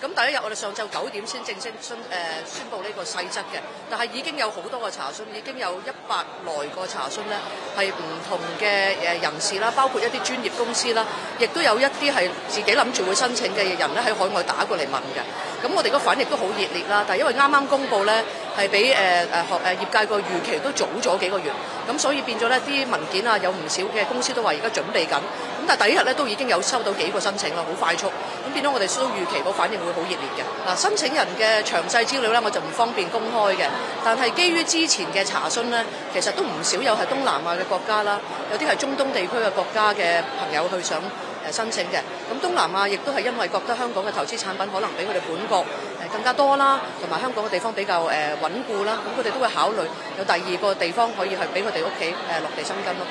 咁第一日我哋上晝九點先正式宣誒宣佈呢個細則嘅，但係已經有好多個查詢，已經有一百來個查詢咧，係唔同嘅誒人士啦，包括一啲專業公司啦，亦都有一啲係自己諗住會申請嘅人咧喺海外打過嚟問嘅。咁我哋個反應都好熱烈啦，但係因為啱啱公布咧。係比誒誒、呃、學誒業界個預期都早咗幾個月，咁所以變咗呢啲文件啊有唔少嘅公司都話而家準備緊，咁但係第一日咧都已經有收到幾個申請啦，好快速，咁變咗我哋收到預期個反應會好熱烈嘅。嗱，申請人嘅詳細資料咧我就唔方便公開嘅，但係基於之前嘅查詢咧，其實都唔少有係東南亞嘅國家啦，有啲係中東地區嘅國家嘅朋友去想申請嘅咁，東南亞亦都係因為覺得香港嘅投資產品可能比佢哋本國誒更加多啦，同埋香港嘅地方比較誒穩固啦，咁佢哋都會考慮有第二個地方可以係俾佢哋屋企誒落地生根咯。